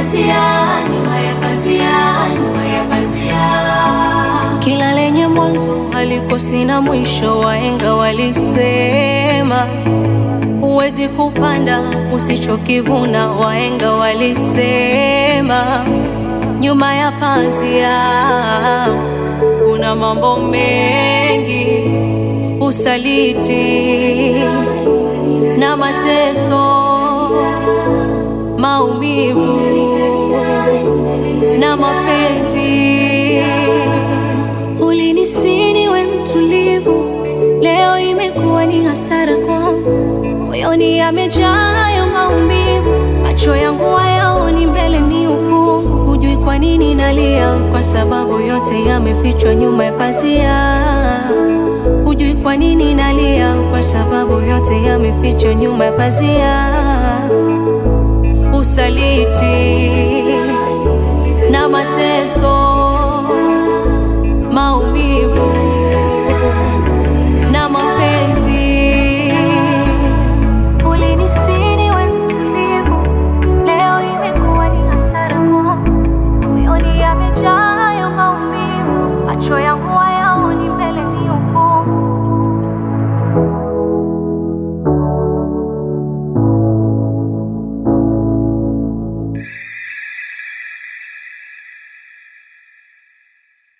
pazia, nyuma ya pazia, nyuma ya pazia. Kila lenye mwanzo halikosi na mwisho, wahenga walisema. Huwezi kupanda usichokivuna, wahenga walisema. Nyuma ya pazia kuna mambo mengi, usaliti na mateso hasara kwangu, moyoni yamejaa hayo maumivu, macho yangu hayaoni mbele, ni ukungu. Hujui kwa nini nalia, kwa sababu yote yamefichwa nyuma ya pazia. Hujui kwa nini nalia, kwa sababu yote yamefichwa nyuma ya pazia. Usaliti na mate